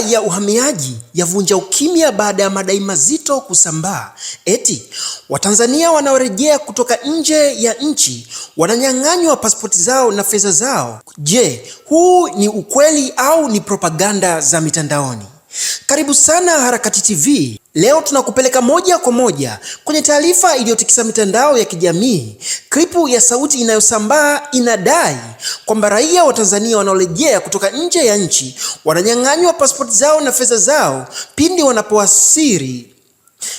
ya uhamiaji yavunja ukimya baada ya madai mazito kusambaa, eti Watanzania wanaorejea kutoka nje ya nchi wananyang'anywa pasipoti zao na fedha zao. Je, huu ni ukweli au ni propaganda za mitandaoni? Karibu sana Harakati TV. Leo tunakupeleka moja kwa moja kwenye taarifa iliyotikisa mitandao ya kijamii. Klipu ya sauti inayosambaa inadai kwamba raia wa Tanzania wanaorejea kutoka nje ya nchi wananyang'anywa pasipoti zao na fedha zao pindi wanapowasili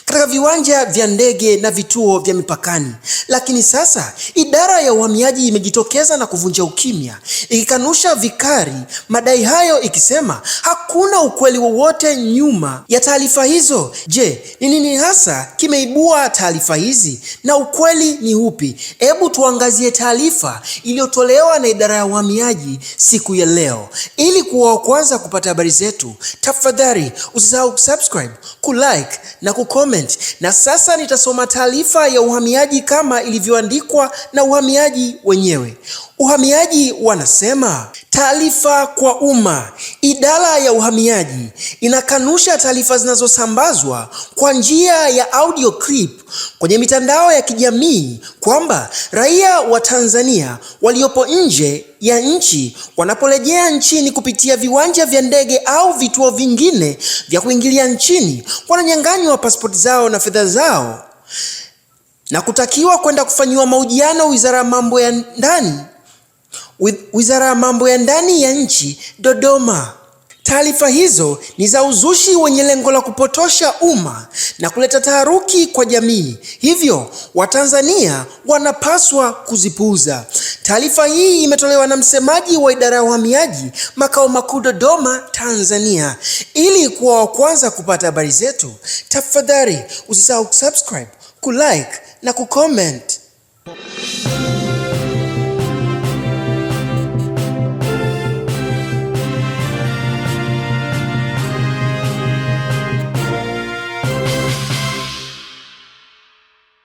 katika viwanja vya ndege na vituo vya mipakani. Lakini sasa idara ya uhamiaji imejitokeza na kuvunja ukimya, ikikanusha vikali madai hayo, ikisema hakuna ukweli wowote nyuma ya taarifa hizo. Je, ni nini hasa kimeibua taarifa hizi na ukweli ni upi? Hebu tuangazie taarifa iliyotolewa na idara ya uhamiaji siku ya leo. Ili kuwa wa kwanza kupata habari zetu, tafadhali usisahau kusubscribe, kulike na ku kucomment. Na sasa nitasoma taarifa ya uhamiaji kama ilivyoandikwa na uhamiaji wenyewe. Uhamiaji wanasema taarifa kwa umma. Idara ya uhamiaji inakanusha taarifa zinazosambazwa kwa njia ya audio clip kwenye mitandao ya kijamii kwamba raia wa Tanzania waliopo nje ya nchi wanaporejea nchini kupitia viwanja vya ndege au vituo vingine vya kuingilia nchini wananyang'anywa pasipoti zao na fedha zao na kutakiwa kwenda kufanyiwa mahojiano Wizara ya Mambo ya Ndani, Wizara ya Mambo ya Ndani ya nchi Dodoma. Taarifa hizo ni za uzushi wenye lengo la kupotosha umma na kuleta taharuki kwa jamii, hivyo Watanzania wanapaswa kuzipuuza. Taarifa hii imetolewa na msemaji wa idara ya uhamiaji makao makuu Dodoma, Tanzania. Ili kuwa wa kwanza kupata habari zetu, tafadhali usisahau kusubscribe, kulike na kucomment.